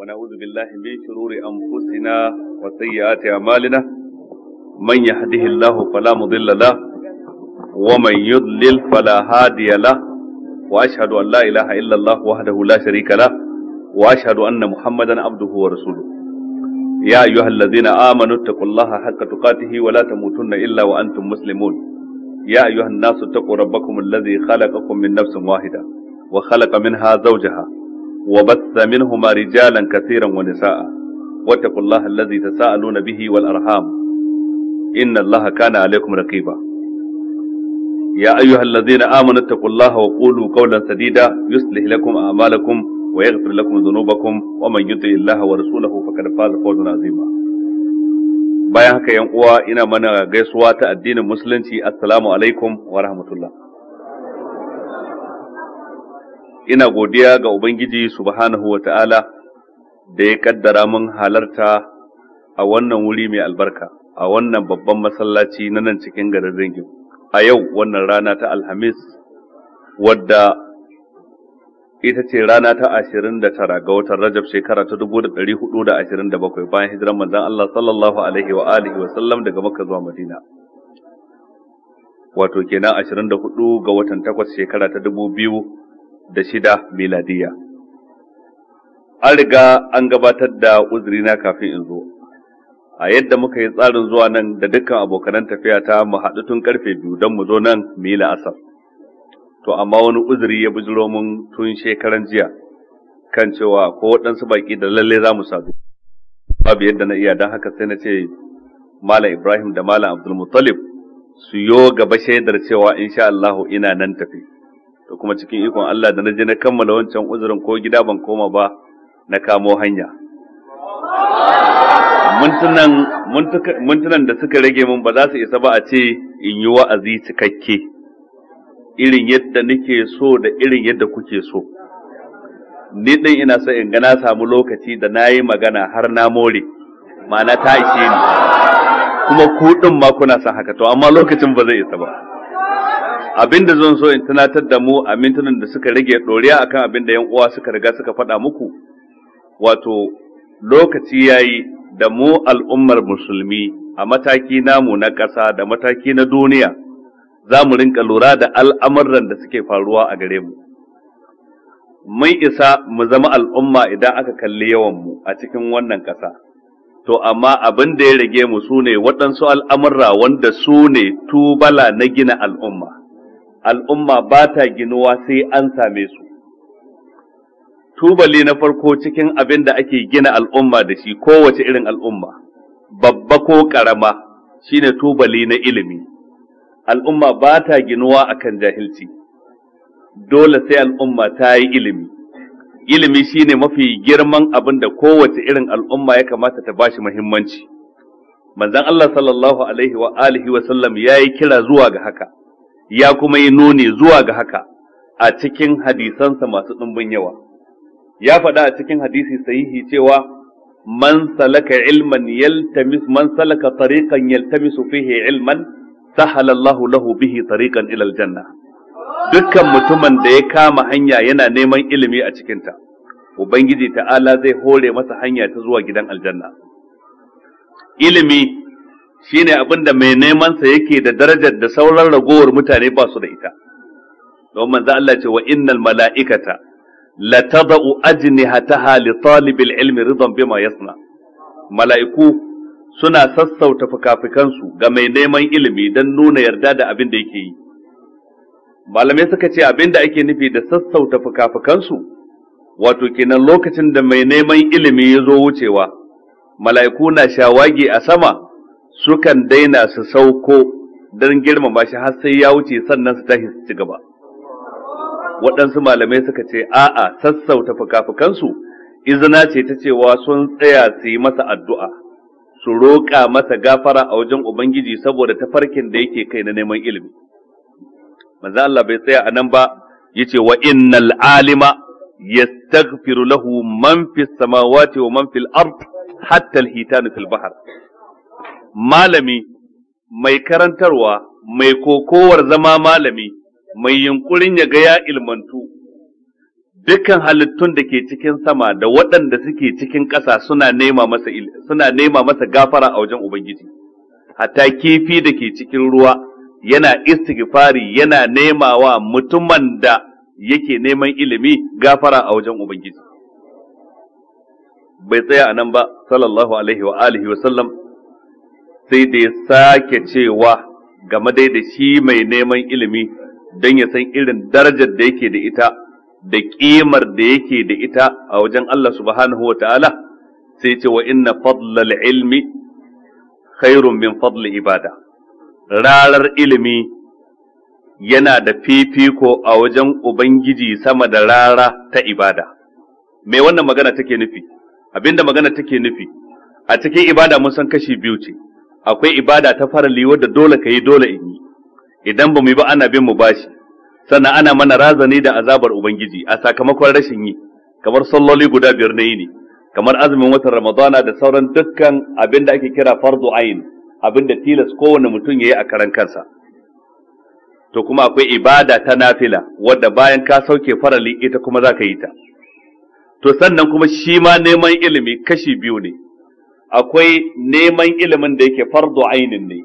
ونعوذ بالله من شرور أنفسنا وسيئات أعمالنا من يهده الله فلا مضل له ومن يضلل فلا هادي له وأشهد أن لا إله إلا الله وحده لا شريك له وأشهد أن محمدا عبده ورسوله يا أيها الذين آمنوا اتقوا الله حق تقاته ولا تموتن إلا وأنتم مسلمون يا أيها الناس اتقوا ربكم الذي خلقكم من نفس واحدة وخلق منها زوجها وبث منهما رجالا كثيرا ونساء واتقوا الله الذي تساءلون به والأرحام إن الله كان عليكم رقيبا يا أيها الذين آمنوا اتقوا الله وقولوا قولا سديدا يصلح لكم أعمالكم ويغفر لكم ذنوبكم ومن يطع الله ورسوله فقد فاز فوزا عظيما bayan haka yan uwa ina mana gaisuwa ta addinin musulunci assalamu alaikum wa rahmatullah ina godiya ga Ubangiji subhanahu wa ta'ala da ya kaddara mun halarta a wannan wuri mai albarka, a wannan babban masallaci na nan cikin garin Ringin. A yau wannan rana ta Alhamis, wadda ita ce rana ta ashirin da tara ga watan Rajab shekara ta dubu da ɗari hudu da ashirin da bakwai bayan hijiran manzan Allah sallallahu alaihi wa alihi wa sallam daga Makka zuwa Madina. Wato kenan ashirin da hudu ga watan takwas shekara ta dubu biyu da shida miladiya an riga an gabatar da uzurina kafin in zo a yadda muka yi tsarin zuwa nan da dukkan abokanan tafiya ta mu haɗu tun karfe biyu don mu zo nan mila asar. to amma wani uzuri ya bi mun tun shekaran jiya kan cewa ko waɗansu baƙi da lalle za mu sadu babu yadda na iya don haka sai na ce malam ibrahim da malam abdulmuttalib su yo gaba shaidar cewa insha allahu ina nan tafi to kuma cikin ikon Allah da na je na kammala wancan uzurin ko gida ban koma ba na kamo hanya Muntunan da suka rage min ba za su isa ba a ce in yi wa'azi cikakke irin yadda nake so da irin yadda kuke so ni ɗin ina so in ga na samu lokaci da na yi magana har na more ma'ana ta ishe ni kuma kuɗin ma kuna son haka to amma lokacin ba zai isa ba Abin da zan so in tunatar da mu a mintunan da suka rage ɗoriya a kan abin da yan uwa suka riga suka faɗa muku wato lokaci ya yi da mu al'ummar musulmi a mataki namu na ƙasa da mataki na duniya za mu rinka lura da al'amuran da suke faruwa a gare mu mun isa mu zama al'umma idan aka kalli yawan mu a cikin wannan ƙasa. to amma abin da ya rage mu sune waɗansu al'amurra wanda sune tubala na gina al'umma al'umma ba ta ginuwa sai an same su tubali na farko cikin abin da ake gina al'umma da shi kowace irin al'umma babba ko ƙarama shine tubali na ilimi al'umma ba ta ginuwa kan jahilci dole sai al'umma ta yi ilimi ilimi shi ne mafi girman abin da kowace irin al'umma ya kamata ta bashi muhimmanci Manzan Allah sallallahu alaihi wa alihi wa sallam yayi kira zuwa ga haka ya kuma yi nuni zuwa ga haka a cikin hadisansa masu ɗumbin yawa ya faɗa a cikin hadisi sahihi cewa man salaka ilman yaltamis man salaka tariqan yaltamisu fihi ilman sahala Allahu lahu bihi tariqan ila aljanna dukkan mutumin da ya kama hanya yana neman ilimi a cikinta ubangiji ta'ala zai hore masa hanya ta zuwa gidan aljanna ilimi shine abin da mai neman sa yake da darajar da sauran ragowar mutane ba su da ita don manzo Allah ce wa innal mala'ikata la tad'u ajnihataha li talibil ilmi ridan bima yasna mala'iku suna sassauta fikafikansu ga mai neman ilimi don nuna yarda da abin da yake yi malamai suka ce abin da ake nufi da sassauta fikafikansu wato kenan lokacin da mai neman ilimi ya zo wucewa mala'iku na shawagi a sama sukan daina su sauko don girmama shi har sai ya wuce sannan su tashi su ci gaba waɗansu malamai suka ce a'a sassauta fuka-fukansu izina ce ta cewa sun tsaya su yi masa addu'a su roƙa masa gafara a wajen ubangiji saboda tafarkin da yake kai na neman ilimi Maza Allah bai tsaya a nan ba Ya ce wa innal alima yastaghfiru lahu man fi samawati wa man fil ard hatta al-hitan fil malami mai karantarwa mai kokowar zama malami mai yunkurin ya ga ya ilmantu dukkan halittun da ke cikin sama da waɗanda suke cikin ƙasa suna nema masa suna nema masa gafara a wajen ubangiji hatta kifi da ke cikin ruwa yana istighfari yana nemawa mutumin da yake neman ilimi gafara a wajen ubangiji bai tsaya a nan ba sallallahu alaihi wa alihi wa sallam sai da ya sake cewa game dai da shi mai neman ilimi don ya san irin darajar da yake da ita da ƙimar da yake da ita a wajen Allah subhanahu wa ta'ala sai ce wa inna fadlal ilmi khairun min fadli ibada rarar ilimi yana da fifiko a wajen Ubangiji sama da rara ta ibada me wannan magana take nufi abinda magana take nufi a cikin ibada mun san kashi biyu ce akwai ibada ta farali wadda dole ka yi dole in yi idan ba mu yi ba ana bin mu bashi sannan ana mana razani da azabar ubangiji a sakamakon rashin yi kamar salloli guda biyar na yi ne kamar azumin watan ramadana da sauran dukkan abin da ake kira fardu ayin abin da tilas kowane mutum ya yi a karan kansa to kuma akwai ibada ta nafila wadda bayan ka sauke farali ita kuma za ka yi ta to sannan kuma shi ma neman ilimi kashi biyu ne akwai neman ilimin da yake fardu ainin ne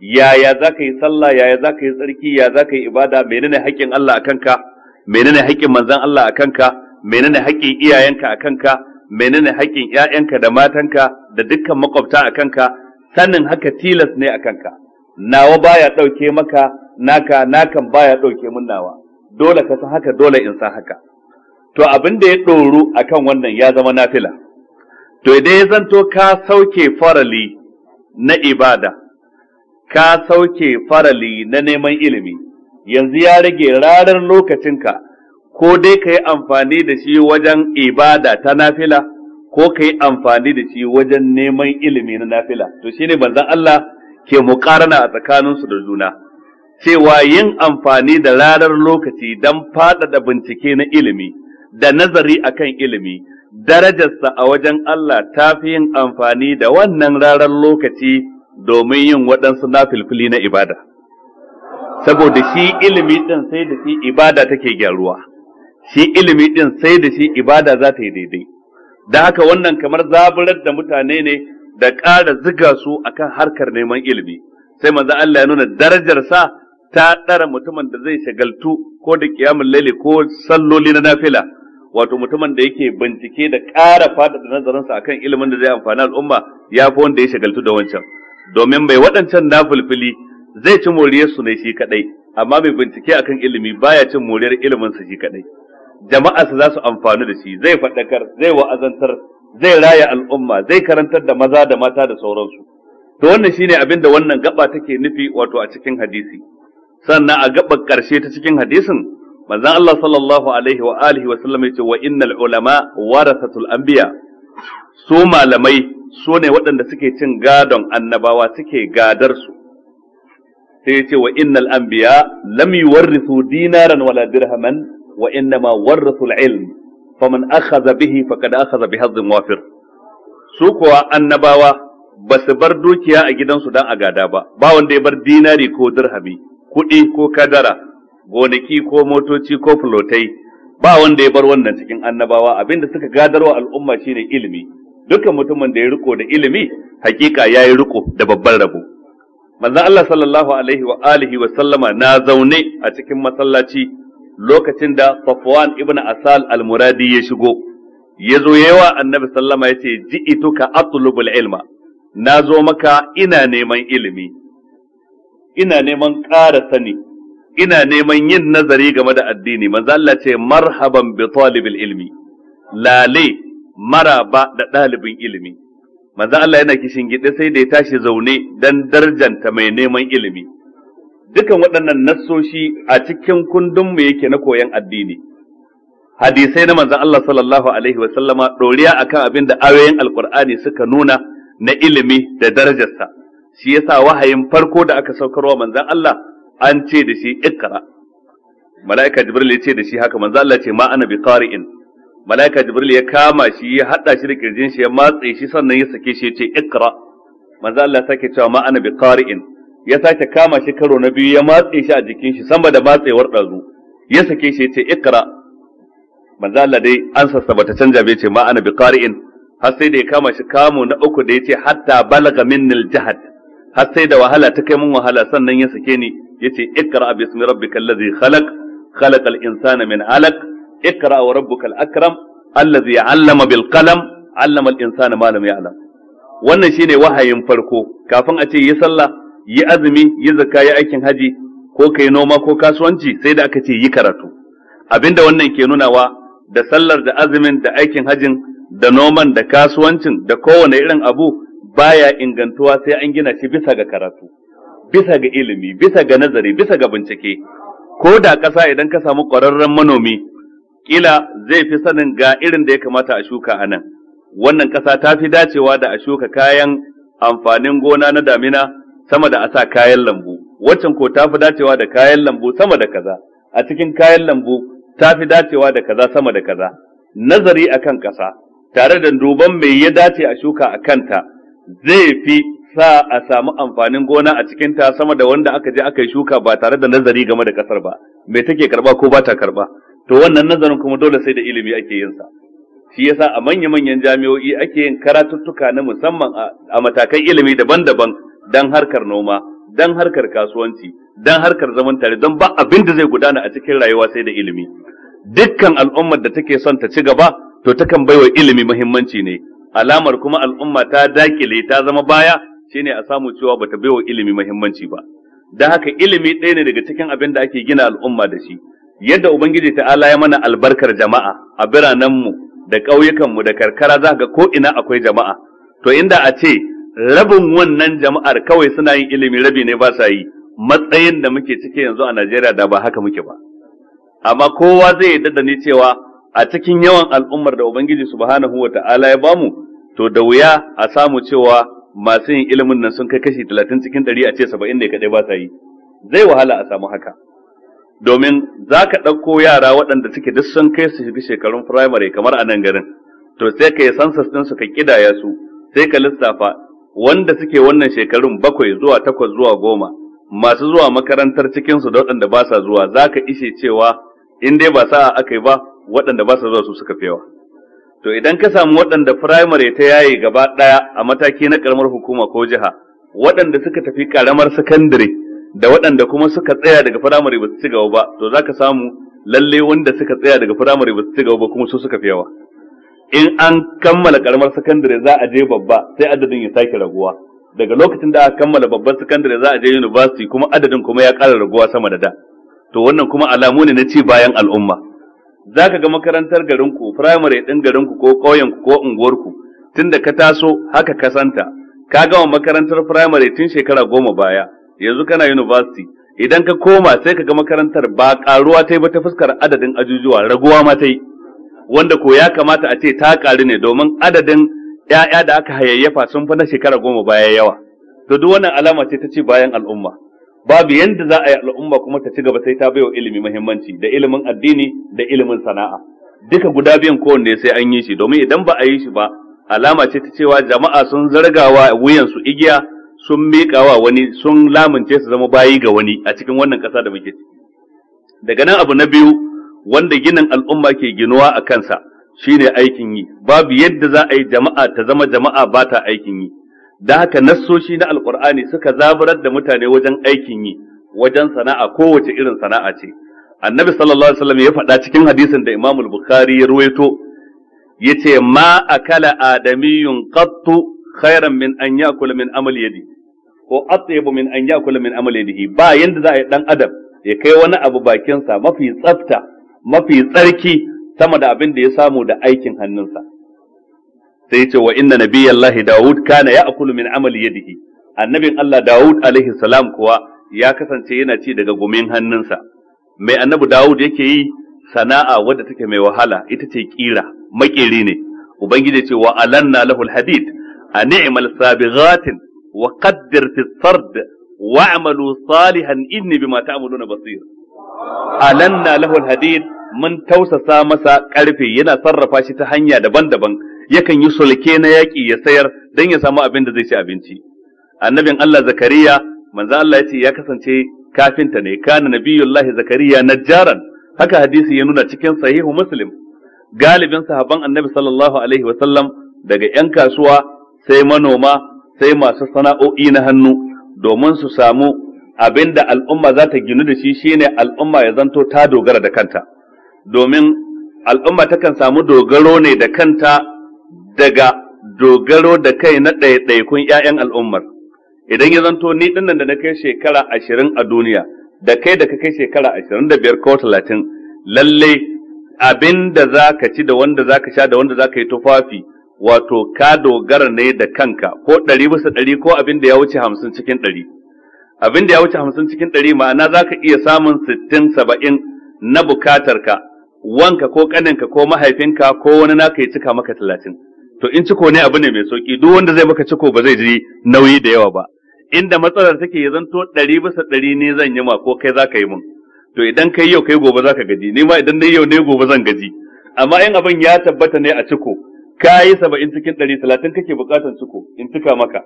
yaya za ka yi sallah yaya za ka yi tsarki yaya za ka yi ibada menene haƙƙin Allah a kanka menene haƙƙin manzon Allah a kanka menene haƙƙin iyayenka a kanka menene haƙƙin ƴaƴanka da matanka da dukkan makwabta a kanka sanin haka tilas ne a kanka nawa baya ɗauke maka naka nakan baya ɗauke mun nawa dole ka san haka dole in san haka to abin da ya ɗoru akan wannan ya zama nafila to idan ya zanto ka sauke farali na ibada ka sauke farali na neman ilimi yanzu ya rage ranar lokacinka ko dai ka yi amfani da shi wajen ibada ta nafila ko ka yi amfani da shi wajen neman ilimi na nafila to shi shine banzan Allah ke muƙarana a tsakaninsu da juna cewa yin amfani da ranar lokaci don faɗaɗa bincike na ilimi da nazari akan ilimi darajarsa a wajen Allah ta fi yin amfani da wannan rarar lokaci domin yin waɗansu nafilfili na ibada. Saboda shi ilimi ɗin sai da shi ibada take gyaruwa, shi ilimi ɗin sai da shi ibada za ta yi daidai. Da haka wannan kamar zaburar da mutane ne da ƙara ziga su akan harkar neman ilimi. Sai manzo Allah ya nuna darajarsa ta ɗara mutumin da zai shagaltu ko da ƙiyamun laili ko salloli na nafila. wato mutumin da yake bincike da ƙara faɗaɗa nazarinsa akan ilimin da zai amfani al'umma ya fi wanda ya shagaltu da wancan domin mai waɗancan na fulfili zai ci moriyar su ne shi kaɗai amma mai bincike akan ilimi baya cin moriyar ilimin su shi kaɗai jama'a su za su amfani da shi zai faɗakar zai wa'azantar zai raya al'umma zai karantar da maza da mata da sauransu to wannan shine abin da wannan gaba take nufi wato a cikin hadisi sannan a gaba ƙarshe ta cikin hadisin manzan Allah sallallahu alaihi wa alihi wa sallam yace wa innal ulama warasatul anbiya su malamai su ne waɗanda suke cin gadon annabawa suke gadar su sai yace wa innal anbiya lam yuwarrisu dinaran wala dirhaman wa innama warrasul ilm faman akhadha bihi faqad akhadha bi wafir su kuwa annabawa ba su bar dukiya a gidansu dan a gada ba ba wanda ya bar dinari ko dirhami kuɗi ko kadara gonaki ko motoci ko fulotai ba wanda ya bar wannan cikin annabawa abinda suka gadarwa al'umma shine ilimi dukkan mutumin da ya riko da ilimi hakika ya yi riko da babban rabo manzo Allah sallallahu alaihi wa alihi wa sallama na zaune a cikin masallaci lokacin da Safwan ibn Asal al-Muradi ya shigo ya zo yawa annabi sallama yace ce ji'ituka atlubul ilma na zo maka ina neman ilimi ina neman ƙara sani ina neman yin nazari game da addini manza Allah ce marhaban bi talibil ilmi lale maraba da ɗalibin ilimi manzo Allah yana kishin gida sai da ya tashi zaune dan darjanta mai neman ilimi dukan waɗannan nassoshi a cikin kundin mu yake na koyan addini hadisai na manzo Allah sallallahu alaihi wa sallama doriya akan abin da ayoyin alqur'ani suka nuna na ilimi da darajarsa shi yasa wahayin farko da aka saukarwa manzo Allah an ce da shi ikra mala'ika jibril ya ce da shi haka manzo Allah ce ma ana bi qari'in mala'ika jibril ya kama shi ya hada shi da kirjin shi ya matse shi sannan ya sake shi ya ce ikra manzo Allah sake cewa ma ana bi qari'in ya sake kama shi karo na biyu ya matse shi a jikin shi sama da matsewar dazu ya sake shi ya ce ikra manzo Allah dai an sassaba bata canja bai ce ma ana bi qari'in har sai da ya kama shi kamo na uku da ya ce hatta balaga minnil jahad har sai da wahala ta kai mun wahala sannan ya sake ni yace ikra bismi rabbikal ladzi khalaq khalaqal insana min alaq ikra wa rabbukal akram allazi 'allama bil qalam 'allama al insana ma lam ya'lam wannan shine wahayin farko kafin a ce yi sallah yi azumi yi zakka yi aikin haji ko kai noma ko kasuwanci sai da aka ce yi karatu abinda wannan ke nunawa da sallar da azumin da aikin hajin da noman da kasuwancin da kowane irin abu baya ingantuwa sai an gina shi bisa ga karatu bisa ga ilimi bisa ga nazari bisa ga bincike ko da ƙasa idan ka samu ƙwararren manomi kila zai fi sanin ga irin da ya kamata a shuka a nan wannan ƙasa ta fi dacewa da a shuka kayan amfanin gona na damina sama da a sa kayan lambu waccan ko ta fi dacewa da kayan lambu sama da kaza a cikin kayan lambu ta fi dacewa da kaza sama da kaza nazari akan ƙasa tare da duban mai ya dace a shuka a kanta zai fi sa a samu amfanin gona a cikin ta sama da wanda aka je aka yi shuka ba tare da nazari game da kasar ba mai take karba ko ba ta karba to wannan nazarin kuma dole sai da ilimi ake yin sa shi yasa a manya manyan jami'o'i ake yin karatuttuka na musamman a matakan ilimi daban-daban dan harkar noma dan harkar kasuwanci dan harkar zaman tare don ba abin da zai gudana a cikin rayuwa sai da ilimi dukkan al'ummar da take son ta ci gaba to takan baiwa ilimi muhimmanci ne alamar kuma al'umma ta dakile ta zama baya shine a samu cewa bata baiwa ilimi muhimmanci ba dan haka ilimi ɗaya ne daga cikin abin da ake gina al'umma da shi yadda ubangiji ta'ala ya mana albarkar jama'a a biranen mu da mu da karkara za ga ko ina akwai jama'a to inda a ce rabin wannan jama'ar kawai suna yin ilimi rabi ne ba sa yi matsayin da muke ciki yanzu a Najeriya da ba haka muke ba amma kowa zai yarda da ni cewa a cikin yawan al'ummar da ubangiji subhanahu ta'ala ya bamu to da wuya a samu cewa masu yin ilimin nan sun kai kashi talatin cikin dari a ce saba'in ne kaɗai ba sa yi zai wahala a samu haka domin za ka ɗauko yara waɗanda suke duk sun kai su shiga shekarun firamare kamar a nan garin to sai ka yi sansas su ka ƙidaya su sai ka lissafa wanda suke wannan shekarun bakwai zuwa takwas zuwa goma masu zuwa makarantar cikinsu da waɗanda ba sa zuwa za ka ishe cewa in dai ba sa'a aka yi ba waɗanda ba sa zuwa su suka fi yawa. to idan ka samu waɗanda firamare ta yaye gaba ɗaya a mataki na ƙaramar hukuma ko jiha waɗanda suka tafi ƙaramar sakandare da waɗanda kuma suka tsaya daga firamare ba su ci gaba ba to za ka samu lalle wanda suka tsaya daga firamare ba su ci gaba ba kuma su suka fi yawa in an kammala ƙaramar sakandare za a je babba sai adadin ya sake raguwa daga lokacin da aka kammala babban sakandare za a je university kuma adadin kuma ya ƙara raguwa sama da da to wannan kuma alamu ne na ci bayan al'umma za ka ga makarantar garinku firamare ɗin garinku ko ƙauyenku ko unguwarku tun da ka taso haka ka santa ka gama makarantar firamare tun shekara goma baya yanzu kana university idan ka koma sai ka ga makarantar ba ƙaruwa ta yi ba ta fuskar adadin ajujuwa raguwa ma ta yi wanda ko ya kamata a ce ta ƙaru ne domin adadin ‘ya'ya da aka hayayyafa sun fi na shekara goma baya yawa to duk wannan alama ce ta ci bayan al'umma babu yadda za a yi al'umma kuma ta ci gaba sai ta baiwa ilimi muhimmanci da ilimin addini da ilimin sana'a duka guda biyan kowanne sai an yi shi domin idan ba a yi shi ba alama ce ta cewa jama'a sun zargawa su igiya sun miƙawa wani sun lamunce su zama bayi ga wani a cikin wannan ƙasa da muke daga nan abu na biyu wanda ginin al'umma ke ginuwa a kansa shine aikin yi babu yadda za a yi jama'a ta zama jama'a ba ta aikin yi da haka nassoshi na alqur'ani suka zaburar da mutane wajen aikin yi wajen sana'a kowace irin sana'a ce annabi sallallahu alaihi wasallam ya faɗa cikin hadisin da imamu bukhari ya ruwaito yace ma akala adamiyun qattu khairan min an ya'kul min amali yadi ko atyabu min an ya'kul min amali yadihi ba yanda za a yi dan adam ya kai wani abu bakinsa mafi tsafta mafi tsarki sama da abin da ya samu da aikin hannunsa sai ya ce wa inna nabiyallahi Dawud kana ya'kulu min amali yadihi annabin Allah Dawud alaihi salam kuwa ya kasance yana ci daga gumin hannunsa mai annabi Dawud yake yi sana'a wadda take mai wahala ita ce kira makeri ne ubangiji ce wa alanna lahul hadid a ni'mal sabighatin wa qaddir fi sard amalu salihan inni bima ta'maluna basir alanna lahul hadid mun tausasa masa karfe yana sarrafa shi ta hanya daban-daban yakan yi sulke na yaki ya sayar don ya samu abin da zai ci abinci annabin Allah Zakariya manzan Allah ya ce ya kasance kafinta ne kana na Allah Zakariya na jaran. haka hadisi ya nuna cikin sahihu Muslim galibin sahaban annabi sallallahu alaihi wasallam daga yan kasuwa sai manoma sai masu sana'o'i na hannu domin su samu abin da al'umma za ta ginu da shi shine al'umma ya zanto ta dogara da kanta domin al'umma takan samu dogaro ne da kanta daga dogaro da kai na ɗaiɗaikun 'ya'yan al'ummar idan ya zanto ni ɗinnan da na kai shekara ashirin a duniya da kai da ka kai shekara ashirin da biyar ko talatin lalle abin da za ka ci da wanda za ka sha da wanda za ka yi tufafi wato ka dogara ne da kanka ko ɗari bisa ɗari ko abin da ya wuce hamsin cikin ɗari abin da ya wuce hamsin cikin ɗari ma'ana za ka iya samun sittin saba'in na bukatarka wanka ko ƙaninka ko mahaifinka ko wani naka ya cika maka talatin to in ciko ne abu ne mai sauki duk wanda zai maka ciko ba zai ji nauyi da yawa ba inda matsalar take ya zanto ɗari bisa ɗari ne zan yi ma ko kai za ka yi min to idan kai yau kai gobe za ka gaji ni ma idan na yau ne gobe zan gaji amma in abin ya tabbata ne a ciko ka yi saba'in cikin ɗari talatin kake buƙatar ciko in cika maka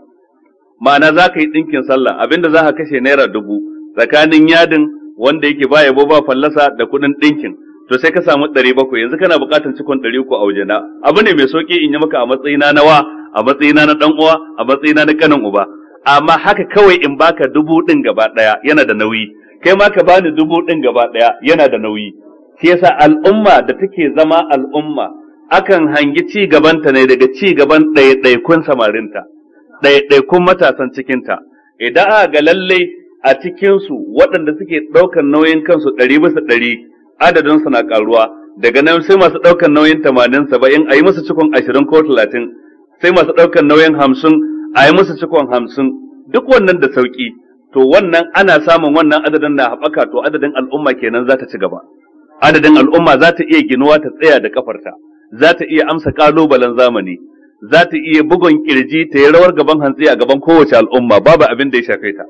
ma'ana za ka yi ɗinkin sallah abinda za ka kashe naira dubu tsakanin yadin wanda yake ba yabo ba fallasa da kuɗin ɗinkin to sai ka samu ɗari bakwai yanzu kana buƙatar cikon ɗari uku a wajena abu ne mai sauƙi in yi maka a matsayina na wa a matsayina na ɗan uwa a matsayina na kanin uba amma haka kawai in baka dubu ɗin gaba ɗaya yana da nauyi kai ma ka bani dubu ɗin gaba ɗaya yana da nauyi shi yasa al'umma da take zama al'umma akan hangi ci gabanta ne daga ci gaban ɗaiɗaikun samarinta ɗaiɗaikun matasan cikinta idan aka ga lallai a cikinsu waɗanda suke ɗaukar nauyin kansu ɗari bisa ɗari adadin su na karuwa daga nan sai masu daukan nauyin 80 70 ayi musu cikon 20 ko talatin, sai masu daukan nauyin 50 ayi musu cikon 50 duk wannan da sauki to wannan ana samun wannan adadin na haɓaka to adadin al'umma kenan za ta ci gaba adadin al'umma za ta iya ginuwa ta tsaya da kafarta za ta iya amsa kalubalen zamani za ta iya bugun kirji ta yi rawar gaban hantsi a gaban kowace al'umma babu abin da ya shafe ta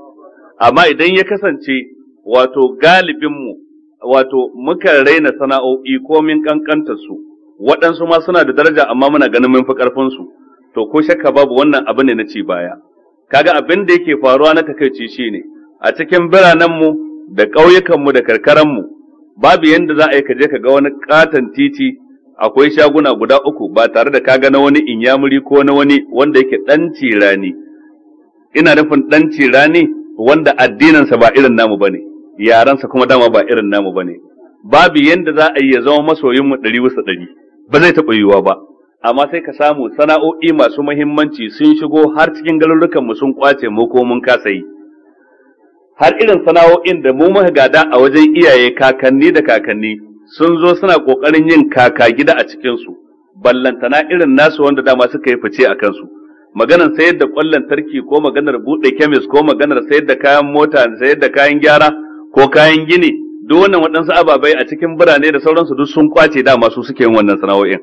amma idan ya kasance wato galibinmu wato muka raina sana'o'i ko min kankanta su waɗansu ma suna da daraja amma muna ganin mun fi karfin su to ko shakka babu wannan abu ne na ci baya kaga abin da yake faruwa na takaici shine a cikin biranen mu da ƙauyukan mu da karkaran mu babu yanda za a yi je ka ga wani katon titi akwai shaguna guda uku ba tare da kaga na wani inyamuri ko na wani wanda yake ɗan cirani ina nufin ɗan cirani wanda addinansa ba irin namu ba ne. yaransa kuma dama ba irin namu bane babu yanda za a yi ya zama masoyin mu ɗari wasu ɗari ba zai taɓa yiwuwa ba amma sai ka samu sana'o'i masu muhimmanci sun shigo har cikin galurukan mu sun kwace mu ko mun kasa yi har irin sana'o'in da mu muka gada a wajen iyaye kakanni da kakanni sun zo suna kokarin yin kaka gida a cikin su ballantana irin nasu wanda dama suka yi fice a kansu maganar sayar da kwallon tarki ko maganar buɗe kemis ko maganar sayar da kayan mota sayar da kayan gyara ko kayan gini duk wannan waɗansu ababai a cikin birane da sauransu duk sun kwace dama su suke yin wannan sana'o'in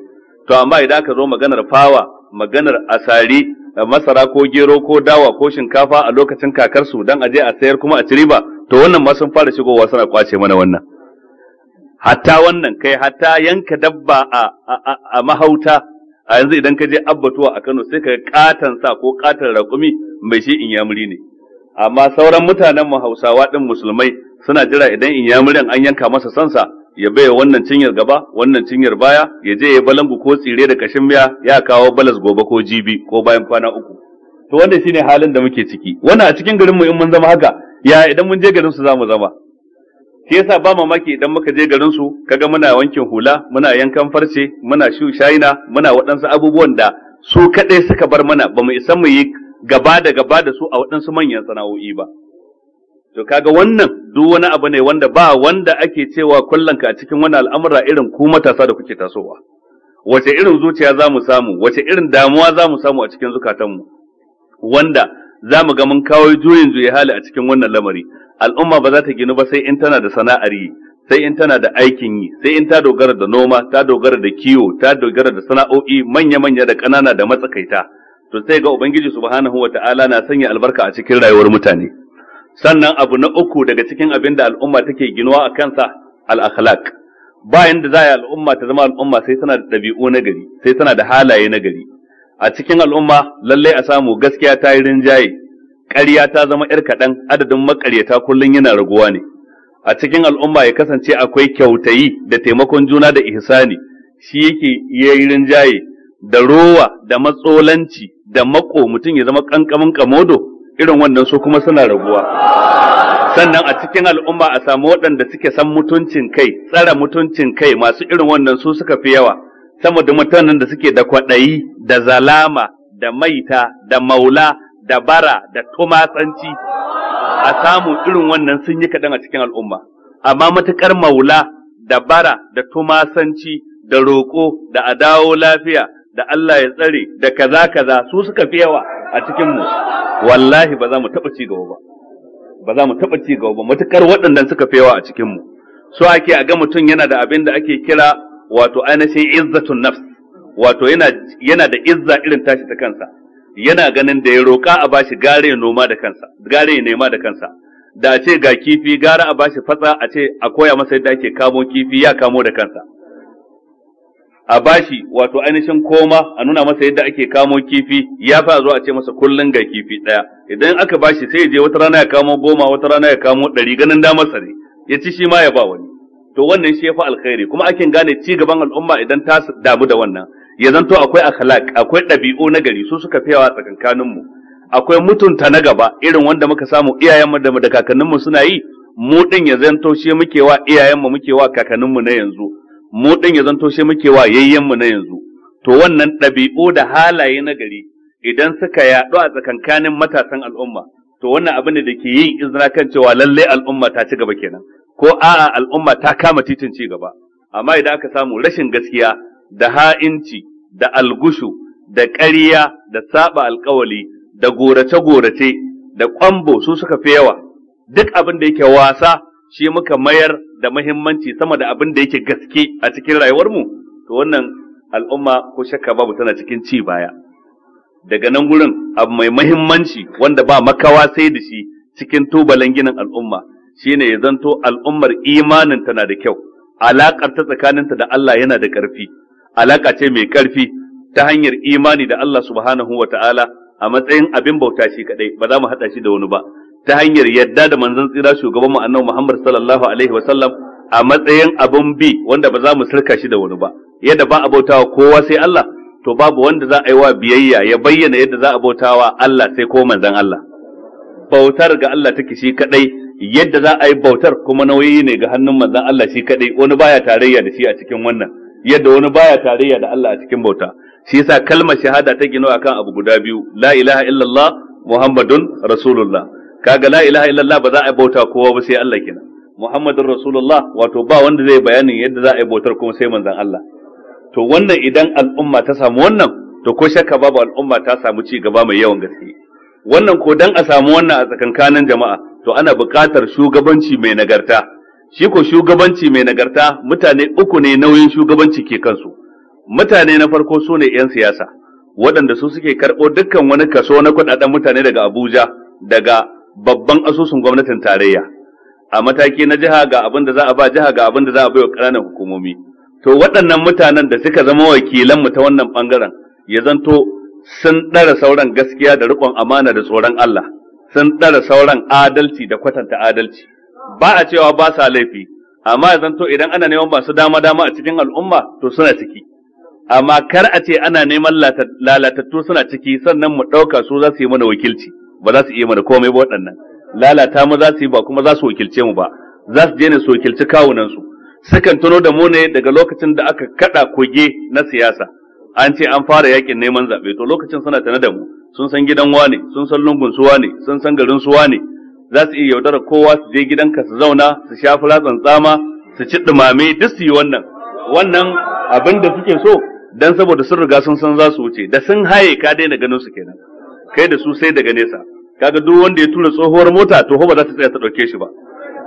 to amma idan aka zo maganar fawa maganar asari eh, masara ko gero ko dawa ko shinkafa a lokacin kakarsu dan aje a sayar kuma a ci riba to wannan ma sun fara shigowa suna kwace mana wannan hatta wannan kai hatta yanka dabba a, a mahauta a yanzu idan ka je abbatuwa a Kano sai ka katan sa ko katan raƙumi mai shi in yamuri ne amma sauran mutanen mu Hausawa din musulmai suna jira idan in inyamurin an yanka masa sansa ya baya wannan cinyar gaba wannan cinyar baya ya je ya balangu ko tsire da kashin miya ya kawo balas gobe ko jibi ko bayan kwana uku to wannan shine halin da muke ciki wannan a cikin garin mu in mun zama haka ya idan mun je garin su zamu zama shi yasa ba mamaki idan muka je garin su kaga muna wankin hula muna yankan farce muna shu shaina muna waɗansu abubuwan da su kadai suka bar mana bamu isa mu yi gaba da gaba da su a waɗansu manyan sana'o'i ba to kaga wannan duk wani abu ne wanda ba wanda ake cewa kullanka a cikin wani al'amura irin ku matasa da kuke tasowa wace irin zuciya za mu samu wace irin damuwa za mu samu a cikin zukatanmu wanda za mu ga mun kawo juyin juyi hali a cikin wannan lamari al'umma ba za ta ginu ba sai in tana da sana'ar yi sai in tana da aikin yi sai in ta dogara da noma ta dogara da kiwo ta dogara da sana'o'i manya-manya da ƙanana da matsakaita to sai ga ubangiji subhanahu wata'ala na sanya albarka a cikin rayuwar mutane sannan abu na uku daga cikin abin da al'umma take ginuwa a kansa al-akhlaq bayan da za al'umma ta zama al'umma sai tana da ɗabi'u na gari sai tana da halaye na gari a cikin al'umma lallai a samu gaskiya ta yi rinjaye ƙarya ta zama ƴar kaɗan adadin makaryata kullum yana raguwa ne a cikin al'umma ya kasance akwai kyautayi da taimakon juna da ihsani shi yake ya yi rinjaye da rowa da matsolanci da mako mutum ya zama ƙanƙamin kamodo irin wannan su kuma suna raguwa sannan a cikin al'umma a samu waɗanda suke san mutuncin kai tsara mutuncin kai masu irin wannan su suka fi yawa sama da mutanen da suke da kwaɗayi da zalama da maita da maula da bara da tumatsanci a samu irin wannan sun yi kaɗan a cikin al'umma amma matuƙar maula da bara da tumasanci da roƙo da a dawo lafiya da Allah ya tsare da kaza kaza su suka fi yawa a cikin wallahi ba za mu taba ci gaba ba ba za mu taba ci gaba ba matukar waɗannan suka fewa a cikin mu so ake a ga mutum yana da abin da ake kira wato ainihin izzatun nafs wato yana yana da izza irin tashi ta kansa yana ganin da ya roƙa a bashi gare noma da kansa gare ya nema da kansa da a ce ga kifi gara a bashi fatsa a ce a koya masa yadda ake kamo kifi ya kamo da kansa a bashi wato ainihin koma a nuna masa yadda ake kamo kifi ya fa zo a ce masa kullun ga kifi ɗaya. idan aka bashi sai ya je wata rana ya kamo goma wata rana ya kamo ɗari ganin damarsa ne ya ci shi ma ya ba wani to wannan shi ya fi alkhairi kuma akin gane ci gaban al'umma idan ta damu da wannan ya zanto akwai akhlaq akwai ɗabi'u na gari su suka fi yawa tsakankanin mu akwai mutunta na gaba irin wanda muka samu iyayenmu da kakanninmu suna yi mu din ya zanto shi muke wa iyayenmu muke wa kakanninmu na yanzu mu ɗin ya zanto shi muke wa yayyen mu na yanzu to wannan ɗabi'u da halaye na gari idan suka yaɗu a tsakankanin matasan al'umma to wannan ne da ke yin izina kan cewa lalle al'umma ta ci gaba kenan ko a'a al'umma ta kama titin ci gaba amma idan aka samu rashin gaskiya da ha'inci da algushu da ƙarya da saba alkawali da gorace-gorace da ƙwambo su suka fi yawa duk abin da yake wasa shi muka mayar da mahimmanci sama da abin da yake gaske a cikin rayuwarmu to wannan al'umma ko shakka babu tana cikin ci baya daga nan gurin abu mai mahimmanci wanda ba makawa sai da shi cikin tubalan ginin al'umma shine ya zanto al'ummar imanin tana da kyau alaƙar ta tsakaninta da Allah yana da ƙarfi alaƙa ce mai ƙarfi ta hanyar imani da Allah subhanahu wa ta'ala a matsayin abin bauta shi kadai ba za mu haɗa shi da wani ba ta hanyar yadda da manzon tsira shugaban mu annabi Muhammad sallallahu alaihi wa sallam a matsayin abun bi wanda ba za mu sirka shi da wani ba yadda ba a bautawa kowa sai Allah to babu wanda za a yi wa biyayya ya bayyana yadda za a bautawa Allah sai ko manzon Allah bautar ga Allah take shi kadai yadda za a yi bautar kuma nauyi ne ga hannun manzon Allah shi kadai wani baya tarayya da shi a cikin wannan yadda wani baya tarayya da Allah a cikin bauta shi yasa kalmar shahada ta nawa akan abu guda biyu la ilaha illallah muhammadun rasulullah kaga la ilaha illallah ba za a bauta kowa ba sai Allah kenan Muhammadur Rasulullah wato ba wanda zai bayanin yadda za a bautar kuma sai manzon Allah to wannan idan al'umma ta samu wannan to ko shakka babu al'umma ta samu ci gaba mai yawan gaske wannan ko dan a samu wannan a tsakankanin jama'a to ana buƙatar shugabanci mai nagarta shi ko shugabanci mai nagarta mutane uku ne nauyin shugabanci ke kansu mutane na farko su ne 'yan siyasa waɗanda su suke karɓo dukkan wani kaso na kuɗaɗen mutane daga abuja daga babban asusun gwamnatin tarayya a mataki na jiha ga abin da za a ba jiha ga abin da za a bai wa ƙananan hukumomi to waɗannan mutanen da suka zama wakilan mu ta wannan bangaren ya zanto sun ɗara sauran gaskiya da riƙon amana da tsoron Allah sun ɗara sauran adalci da kwatanta adalci ba a cewa ba sa laifi amma ya zanto idan ana neman masu dama dama a cikin al'umma to suna ciki amma kar a ce ana neman lalatattu suna ciki sannan mu ɗauka su za su yi mana wakilci ba za su iya mana komai ba waɗannan lalata mu za su yi ba kuma za su wakilce mu ba za su je ne su wakilci kawunan su sukan tuno da mu ne daga lokacin da aka kada koge na siyasa an ce an fara yakin neman zaɓe to lokacin suna tana da mu sun san gidan wane sun san lungun su wane sun san garin su wane za su iya yaudara kowa su je gidanka su zauna su sha fulatsan tsama su ci dumame duk su yi wannan wannan abin da suke so dan saboda sun riga sun san za su wuce da sun haye ka daina ganin su kenan kai da su sai daga nesa kaga duk wanda ya tura tsohuwar mota to ba za ta tsaya ta dauke shi ba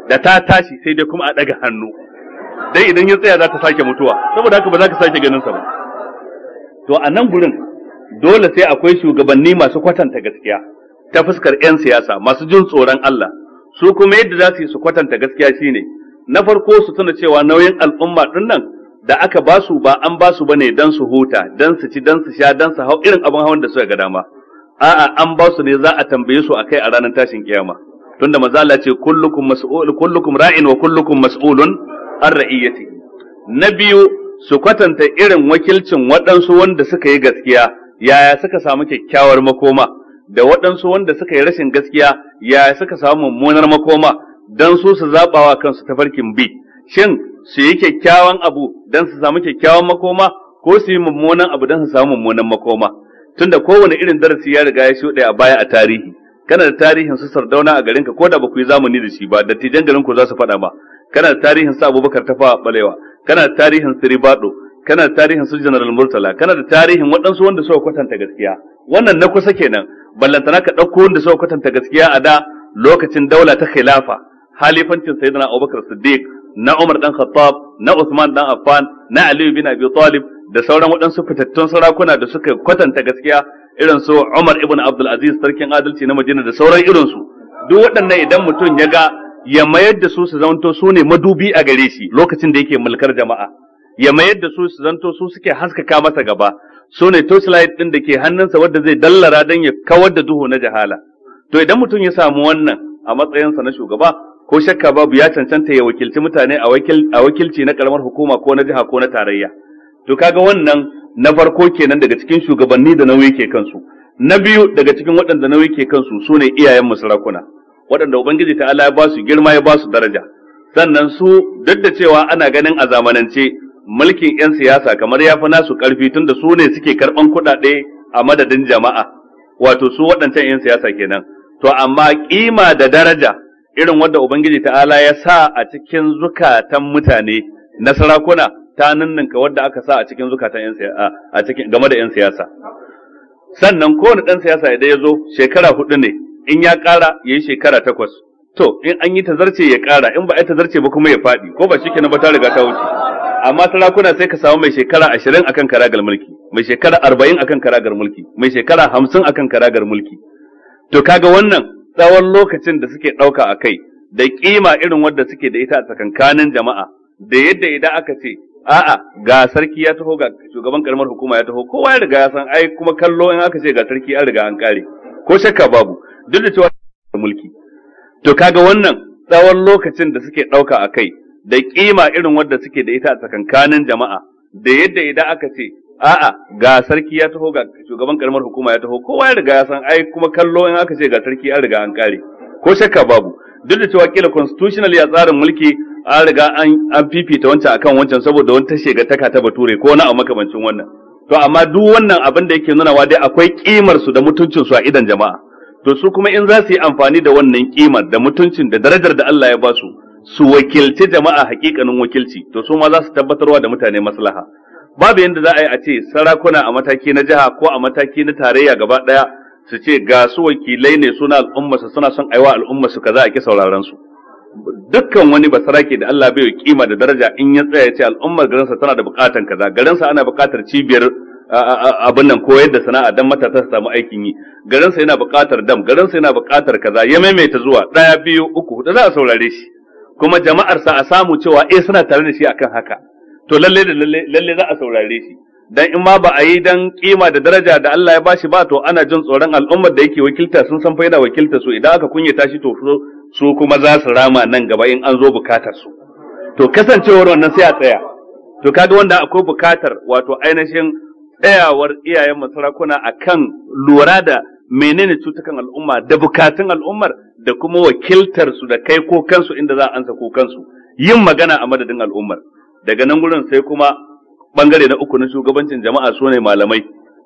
da ta tashi sai dai kuma a daga hannu dai idan ya tsaya za ta sake mutuwa saboda haka ba za ka sake ganin sa ba to a nan gurin dole sai akwai shugabanni masu kwatanta gaskiya ta fuskar 'yan siyasa masu jin tsoron Allah su kuma yadda za su yi su kwatanta gaskiya shine na farko su tuna cewa nauyin al'umma din nan da aka ba su ba an ba su bane dan su huta dan su ci dan su sha dan su hau irin abin hawan da suka ga dama a'a an ba su ne za a tambaye su akai a ranar tashin kiyama tunda mazala ce kullukum mas'ul kullukum ra'in wa kullukum mas'ulun an ra'iyati na biyu su kwatanta irin wakilcin waɗansu wanda suka yi gaskiya yaya suka samu kyakkyawar makoma da waɗansu wanda suka yi rashin gaskiya yaya suka samu mummunar makoma dan su su zabawa kansu tafarkin bi shin su yi kyakkyawan abu dan su samu kyakkyawan makoma ko su yi mummunan abu dan su samu mummunan makoma tunda kowane irin darasi ya riga ya shuɗe a baya a tarihi kana da tarihin su sardauna a garinka ko da ba ku yi zamani da shi ba dattijan garin ku za su faɗa ba. kana da tarihin su abubakar tafa balewa kana da tarihin su ribado kana da tarihin su general murtala kana da tarihin waɗansu wanda suka kwatanta gaskiya wannan na kusa kenan ballantana ka ɗauko wanda suka kwatanta gaskiya a da lokacin daula ta khilafa halifancin sayyidina abubakar siddiq na umar dan khattab na usman dan affan na ali bin abi talib da sauran waɗansu fitattun sarakuna da suka kwatanta gaskiya irin su Umar ibn Abdul Aziz sarkin adalci na Madina da sauran irin su duk waɗannan idan mutum ya ga ya mayar da su su zanto su ne madubi a gare shi lokacin da yake mulkar jama'a ya mayar da su su zanto su suke haskaka masa gaba su ne torchlight din da ke hannunsa wadda zai dallara dan ya kawar da duhu na jahala to idan mutum ya samu wannan a matsayinsa na shugaba ko shakka babu ya cancanta ya wakilci mutane a wakilci na karamar hukuma ko na jiha ko na tarayya to kaga wannan na farko kenan daga cikin shugabanni da nauyi ke kansu na biyu daga cikin waɗanda nauyi ke kansu su ne iyayen masarakuna waɗanda ubangiji ta Allah ya ba su girma ya ba su daraja sannan su duk da cewa ana ganin a zamanance mulkin 'yan siyasa kamar ya fi nasu ƙarfi da su ne suke karɓan kuɗaɗe a madadin jama'a wato su waɗancan 'yan siyasa kenan to amma kima da daraja irin wadda ubangiji ta'ala ya sa a cikin zukatan mutane na sarakuna ta ninninka wadda aka sa a cikin zukatan yan siyasa a cikin game da yan siyasa sannan kowane dan siyasa idan ya zo shekara hudu ne in ya kara yayi shekara takwas to in an yi tazarce ya kara in ba a yi tazarce ba kuma ya faɗi ko ba shi ba ta riga ta wuce amma sarakuna sai ka samu mai shekara ashirin akan karagar mulki mai shekara arba'in akan karagar mulki mai shekara hamsin akan karagar mulki to kaga wannan tsawon lokacin da suke ɗauka a kai da kima irin wadda suke da ita a tsakankanin jama'a da yadda idan aka ce a'a ga sarki ya taho ga shugaban karamar hukuma ya taho kowa ya riga ya san ai kuma kallo in aka ce ga sarki an riga an kare ko shakka babu duk da cewa mulki to kaga wannan tsawon lokacin da suke ɗauka a kai da kima irin wadda suke da ita a tsakankanin jama'a da yadda idan aka ce a'a ga sarki ya taho ga shugaban karamar hukuma ya taho kowa ya riga ya san ai kuma kallo in aka ce ga sarki an riga an kare ko shakka babu duk da cewa kila constitutional ya tsarin mulki an riga an fifita wancan akan wancan saboda ga taka ta bature ko na a makamancin wannan to amma duk wannan abin da yake nunawa dai akwai kimar su da mutuncin su a idan jama'a to su kuma in za su yi amfani da wannan kimar da mutuncin da darajar da Allah ya ba su su wakilci jama'a hakikanin wakilci to su ma za su tabbatarwa da mutane maslaha babu yadda za a yi a ce sarakuna a mataki na jiha ko a mataki na tarayya gaba daya su ce ga su wakilai ne suna al'ummarsu suna son aiwa al'ummarsu kaza a ki sauraron su dukkan wani basarake da Allah bai kima da daraja in ya tsaya ya ce al'ummar garinsa tana da bukatan kaza garinsa ana bukatar cibiyar abin nan ko yadda sana'a dan matasa su samu aikin yi garinsa yana bukatar dam garinsa yana bukatar kaza ya maimaita zuwa daya biyu uku da za a saurare shi kuma jama'arsa a samu cewa eh suna tare da shi akan haka to lalle da lalle lalle za a saurare shi dan in ma ba a yi dan kima da daraja da Allah ya bashi ba to ana jin tsoron al'ummar da yake wakilta sun san fa yana wakilta su idan aka kunyata shi to su kuma za su rama nan gaba in an zo bukatar su to kasancewar wannan sai a tsaya to kaga wanda akwai bukatar wato ainihin tsayawar iyayen masarakuna akan lura da menene cutukan al'umma da bukatun al'ummar da kuma wakiltar su da kai ko kansu inda za a ansa ko kansu yin magana a madadin al'ummar daga nan gurin sai kuma bangare na uku na shugabancin jama'a su ne malamai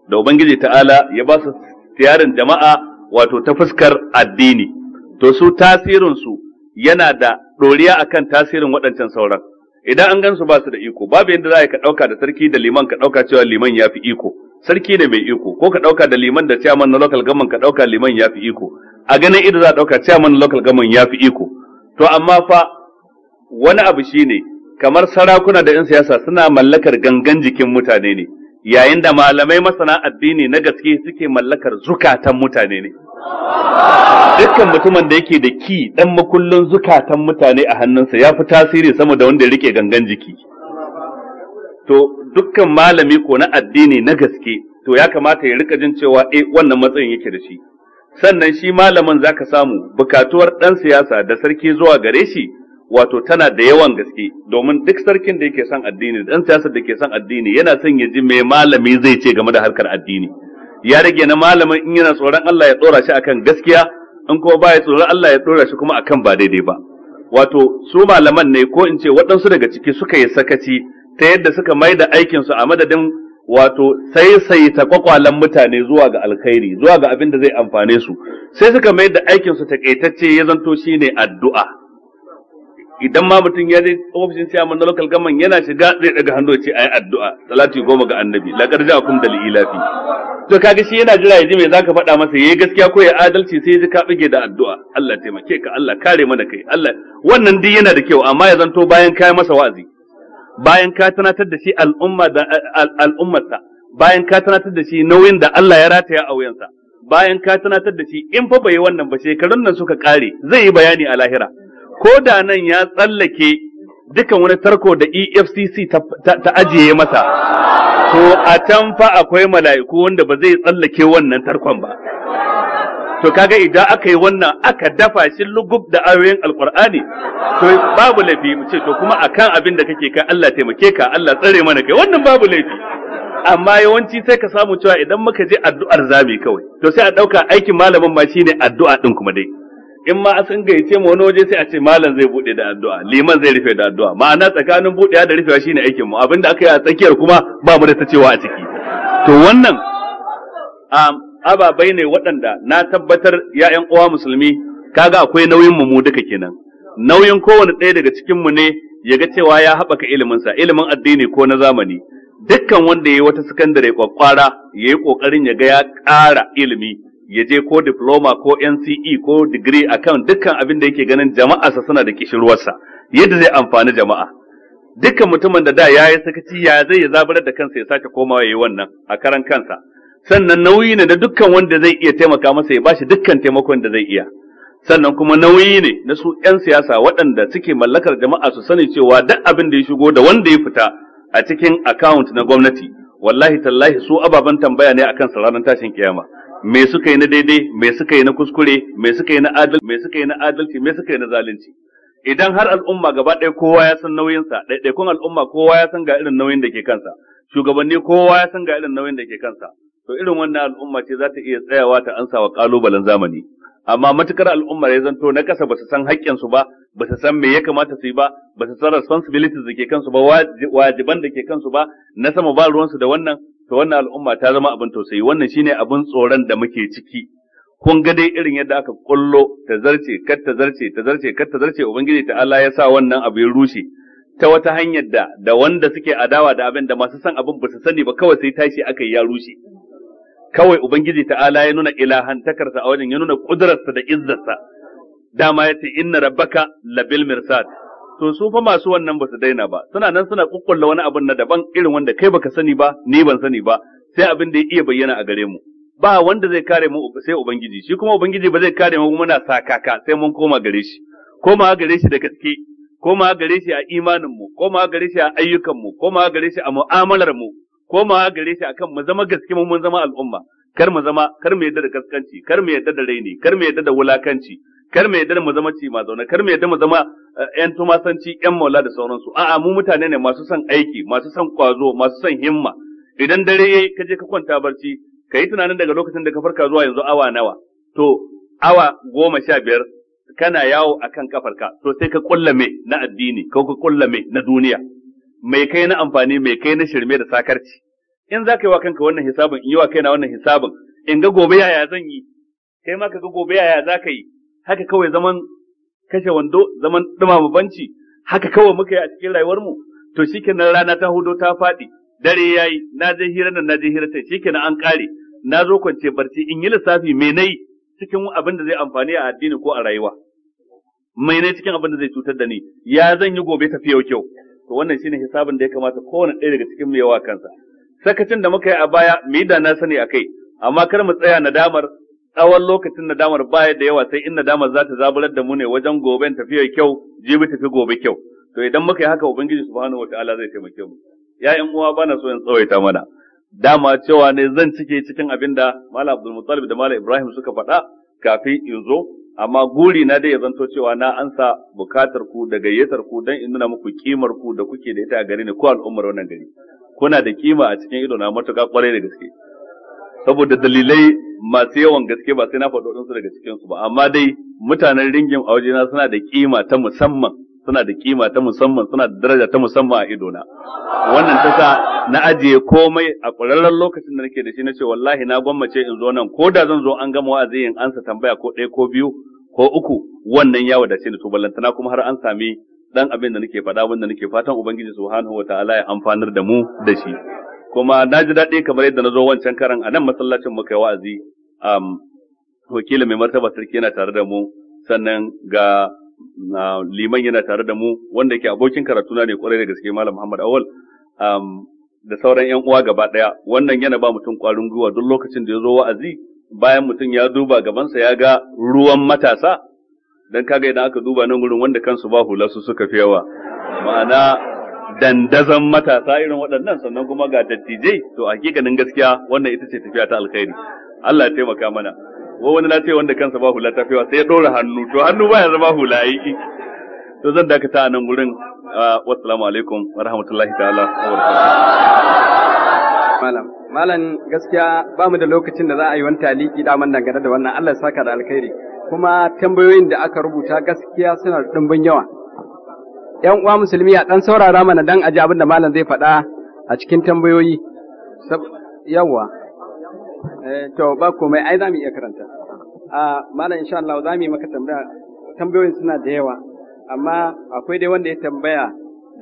da ubangiji ta'ala ya ba su tiyarin jama'a wato ta fuskar addini to su tasirin su yana da doriya akan tasirin waɗancan sauran idan an gansu ba su da iko babu yadda za ka ɗauka da sarki da liman ka ɗauka cewa liman ya fi iko sarki da mai iko ko ka ɗauka da liman da chairman na local government ka ɗauka liman ya fi iko a ganin ido za a ɗauka chairman local government ya fi iko to amma fa wani abu shine kamar sarakuna da 'yan siyasa suna mallakar gangan jikin mutane ne yayin da malamai masana addini na gaske suke mallakar zukatan mutane ne dukkan mutumin da yake da ki ɗan makullin zukatan mutane a hannunsa ya fi tasiri sama da wanda ya rike gangan jiki to dukkan malami ko na addini na gaske to ya kamata ya rika jin cewa eh wannan matsayin yake da shi sannan shi malamin za ka samu bukatuwar ɗan siyasa da sarki zuwa gare shi wato tana da yawan gaske domin duk sarkin da yake son addini dan siyasa da ke son addini yana son ya ji me malami zai ce game da harkar addini ya rage na malamin in yana tsoron Allah ya dora shi akan gaskiya in kuma baya tsoron Allah ya dora shi kuma akan ba daidai ba wato su malaman ne ko in ce waɗansu daga ciki suka yi sakaci ta yadda suka mai da aikin a madadin wato sai sai ta kwakwalan mutane zuwa ga alkhairi zuwa ga abin da zai amfane su sai suka mai da aikin su takaitacce ya zanto shine addu'a idan ma mutum ya je ofishin chairman na local government yana shiga zai daga hannu ya ce ayi addu'a salati goma ga annabi laqad da dal ilafi to kaga shi yana jira ya ji me zaka faɗa masa yayi gaskiya ko ya adalci sai ya ji ka bige da addu'a Allah taimake ka Allah kare mana kai Allah wannan duk yana da kyau amma ya zanto bayan ka masa wa'azi bayan ka tunatar da shi al'umma al'ummarsa bayan ka tunatar da shi nauyin da Allah ya rataya a wuyansa bayan ka tunatar da shi in fa bai wannan ba shekarun nan suka kare zai yi bayani a lahira ko da nan ya tsallake dukan wani tarko da EFCC ta ajiye masa to a can fa akwai mala'iku wanda ba zai tsallake wannan tarkon ba to kaga idan aka yi wannan aka dafa shi lugub da ayoyin alkur'ani to babu laifi mu ce to kuma akan abin da kake kai Allah taimake ka Allah tsare mana kai wannan babu laifi amma yawanci sai ka samu cewa idan muka je addu'ar zabi kawai to sai a ɗauka aikin malamin ma shine addu'a ɗin kuma dai in ma sun gayyace mu wani waje sai a ce malam zai buɗe da addu'a liman zai rufe da addu'a ma'ana tsakanin budewa da rufewa shine aikin mu abinda aka yi a tsakiyar kuma ba mu da ta cewa a ciki to wannan ababai ne waɗanda na tabbatar ya'yan uwa musulmi kaga akwai nauyin mu mu duka kenan nauyin kowane ɗaya daga cikin mu ne ya ga cewa ya haɓaka ilimin sa ilimin addini ko na zamani dukkan wanda ya yi wata sakandare kwakwara ya yi ƙoƙarin ya ga ya ƙara ilimi ya je ko diploma ko NCE ko degree akan dukkan abin da yake ganin jama'arsa suna da kishirwarsa yadda zai amfani jama'a dukkan mutumin da da ya yi sakaci ya zai ya zabarar da kansa ya sake komawa ya yi wannan a karan kansa sannan nauyi ne da dukkan wanda zai iya taimaka masa ya ba shi dukkan taimakon da zai iya sannan kuma nauyi ne na su 'yan siyasa waɗanda suke mallakar jama'a su sani cewa duk abin da ya shigo da wanda ya fita a cikin account na gwamnati wallahi tallahi su ababen tambaya ne akan ranar tashin kiyama me suka yi na daidai me suka yi na kuskure me suka yi na adalci me suka yi na adalci me suka yi na zalunci idan har al'umma gaba ɗaya kowa ya san nauyin sa, ɗaiɗaikun al'umma kowa ya san ga irin nauyin da ke kansa shugabanni kowa ya san ga irin nauyin da ke kansa to irin wannan al'umma ce za ta iya tsayawa ta ansa wa kalubalen zamani amma matukar al'umma ya zanto na kasa ba su san haƙƙin su ba ba su san me ya kamata su yi ba ba su san responsibilities da ke kansu ba wajiban da ke kansu ba na sama ba ruwansu da wannan to wannan al'umma ta zama abin tausayi wannan shine abin tsoron da muke ciki kun ga dai irin yadda aka kullo ta zarce kar ta zarce ta zarce kar ta zarce ubangiji ta Allah ya sa wannan abu ya rushe ta wata hanyar da da wanda suke adawa da abin da masu san abin ba su sani ba kawai sai tashi aka yi ya rushe kawai ubangiji ta'ala ya nuna takarsa a wajen ya nuna kudrarsa da izzarsa dama yace inna rabbaka labil mirsad to su fa masu wannan ba su daina ba suna nan suna kukkulla wani abin na daban irin wanda kai baka sani ba ni ban sani ba sai abin da ya iya bayyana a gare mu ba wanda zai kare mu sai ubangiji shi kuma ubangiji ba zai kare mu muna sakaka sai mun koma gare shi koma gare shi da gaske koma gare shi a imanin mu koma gare shi a ayyukan mu koma gare shi a mu'amalar mu koma gare shi akan mu zama gaske mun zama al'umma kar mu zama kar mu yadda da kaskanci kar mu yadda da raini kar mu yadda da wulakanci kar mu yadda mu zama ci mazauna kar mu yadda mu zama yan tumasanci yan maula da sauransu a'a mu mutane ne masu son aiki masu son kwazo masu son himma idan dare yayi ka je ka kwanta barci ka yi tunanin daga lokacin da ka farka zuwa yanzu awa nawa to awa goma sha biyar kana yawo a kan kafarka to sai ka kulla me na addini ko ka kulla me na duniya mai kai na amfani mai kai na shirme da sakarci in za ka yi wa kanka wannan hisabin in yi wa kaina wannan hisabin in ga gobe yaya zan yi kai ma ka ga gobe yaya za ka yi haka kawai zaman kashe wando zaman dumama banci haka kawai muka yi a cikin rayuwarmu to shikenan rana ta hudo ta faɗi dare yayi na je hira nan na je hira tai shikenan an kare na zo kwance barci in yi lissafi me nayi cikin abin da zai amfani a addini ko a rayuwa me nayi cikin abin da zai cutar da ni ya zan yi gobe tafi yau kyau to wannan shine hisabin da ya kamata kowane ɗaya daga cikin mu yawa kansa sakacin da muka yi a baya mu da na sani akai amma kar mu tsaya nadamar tsawon lokacin nadamar baya da yawa sai in nadamar za ta zaburar da mu ne wajen gobe tafiyar kyau jibi tafi gobe kyau to idan muka yi haka ubangiji subhanahu wataala zai taimake mu Ya'yan uwa bana so in tsawaita mana dama cewa ne zan cike cikin abin da malam muttalib da malam ibrahim suka faɗa kafin in zo amma guri na dai ya zanto cewa na ansa bukatar ku da gayyatar ku dan in nuna muku kimar ku da kuke da ita a gari ne ko al'ummar wannan gari kuna da kima a cikin ido na matuƙa kwarai da gaske saboda dalilai masu yawan gaske ba sai na faɗo ɗinsu daga cikinsu ba amma dai mutanen ringin a wajena suna da kima ta musamman suna da kima ta musamman suna da daraja ta musamman a idona wannan ta sa na ajiye komai a ƙwararren lokacin da nake da shi na ce wallahi na gwammace in zo nan ko da zan zo an gama wa'azi in ansa tambaya ko ɗaya ko biyu ko uku wannan ya wadace ni to ballantana kuma har an sami dan abin da nake faɗa wanda nake fatan ubangiji subhanahu wataala ya amfanar da mu da shi kuma na ji daɗi kamar yadda na zo wancan karan a nan masallacin muka yi wa'azi wakilin mai martaba sarki yana tare da mu sannan ga liman yana tare da mu wanda ke abokin karatuna ne kwarai da gaske malam Muhammad Awal da sauran yan uwa gaba ɗaya wannan yana ba mutum kwarin gwiwa duk lokacin da ya zo wa'azi bayan mutum ya duba gabansa ya ga ruwan matasa dan kaga idan aka duba nan gurin wanda kansu ba hula su suka fi yawa ma'ana dandazan matasa irin waɗannan sannan kuma ga dattijai to hakikanin gaskiya wannan ita ce tafiya ta alkhairi Allah ya taimaka mana ko wani na ce wanda kansa ba hula tafiya sai ya ɗora hannu to hannu baya zama hula yi to zan dakata a nan gurin wassalamu alaikum wa rahmatullahi ta'ala malam malam gaskiya ba mu da lokacin da za a yi wani taliki daman dangane da wannan Allah ya saka da alkhairi kuma tambayoyin da aka rubuta gaskiya suna da yawa ‘yan uwa musulmi a ɗan saurara mana don aji abin da malam zai faɗa a cikin tambayoyi. Yawwa, eh, to ba komai ai za mu iya karanta. Malam insha Allah za mu yi maka tambaya, tambayoyin suna da yawa, amma akwai dai wanda ya tambaya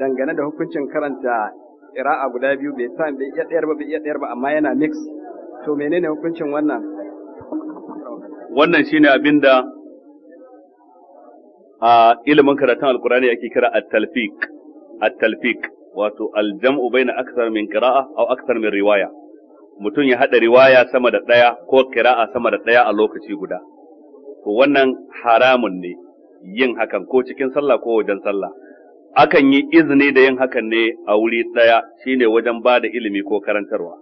dangane da hukuncin karanta ira'a guda biyu bai sa bai iya ɗayar ba bai iya ɗayar ba amma yana mix. To menene hukuncin wannan? Wannan shine abin da a ilimin karatun alkurani ake kira at-talfiq at-talfiq wato al-jam'u baina akthar min qira'a aw akthar min riwaya mutum ya hada riwaya sama da daya ko qira'a sama da daya a lokaci guda to wannan haramun ne yin hakan ko cikin sallah ko wajen sallah akan yi izini da yin hakan ne a wuri daya shine wajen ba da ilimi ko karantarwa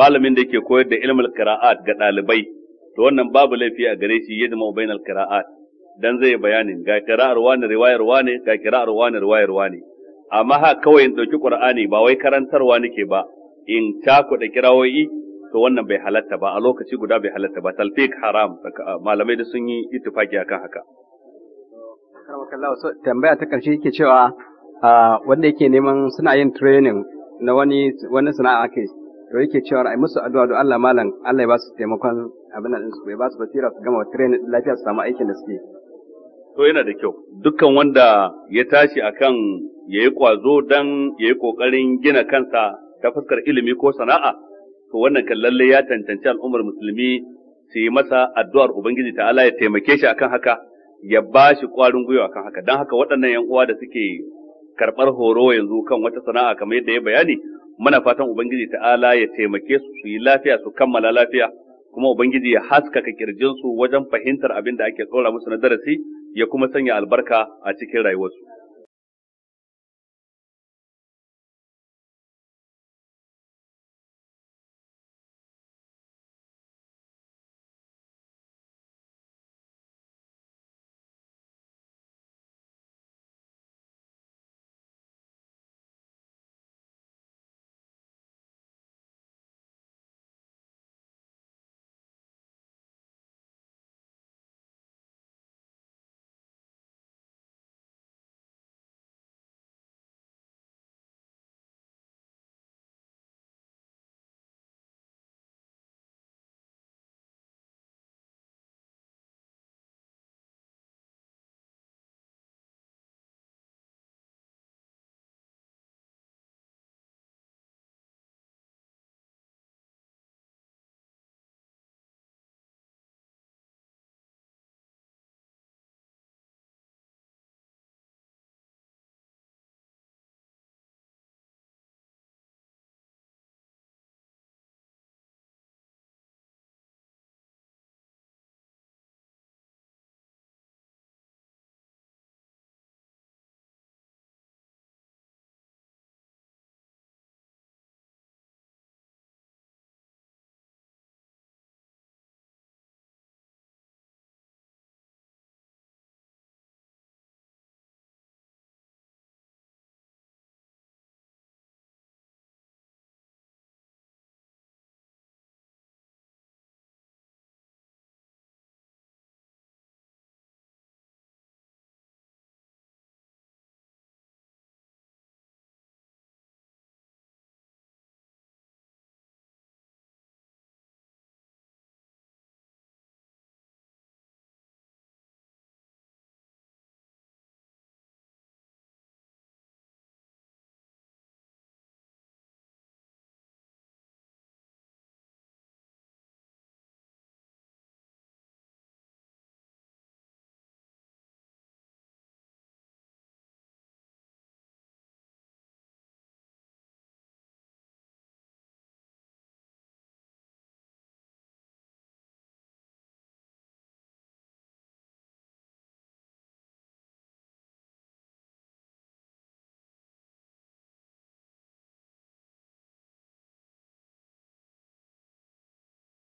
malamin da yake koyar da ilmul qira'at ga dalibai to wannan babu laifi a gare shi yajma'u bainal qira'at dan zai bayanin ga kira'ar wani riwayar wani ga kira'ar wani riwayar wani amma ha kawai in dauki qur'ani ba wai karantarwa nake ba in da kirawoyi to wannan bai halatta ba a lokaci guda bai halatta ba talfik haram malamai da sun yi ittifaki akan haka tambaya ta karshe yake cewa wanda yake neman suna yin training na wani wani sana'a ake to yake cewa ai musu addu'a da Allah malam Allah ya ba su taimakon abin nan su bai ba su basira su gama training lafiya su samu aikin da suke to yana da kyau dukkan wanda ya tashi akan ya yi kwazo don ya yi ƙoƙarin gina kansa ta fuskar ilimi ko sana'a to wannan kan lalle ya tantance al'ummar musulmi su yi masa addu'ar ubangiji ta'ala ya taimake shi akan haka ya ba shi ƙwarin gwiwa akan haka don haka waɗannan yan uwa da suke karɓar horo yanzu kan wata sana'a kamar yadda ya bayani muna fatan ubangiji ta'ala ya taimake su su yi lafiya su kammala lafiya kuma ubangiji ya haskaka kirjinsu wajen fahimtar abin da ake tsora musu na darasi ya kuma sanya albarka a cikin rayuwarsu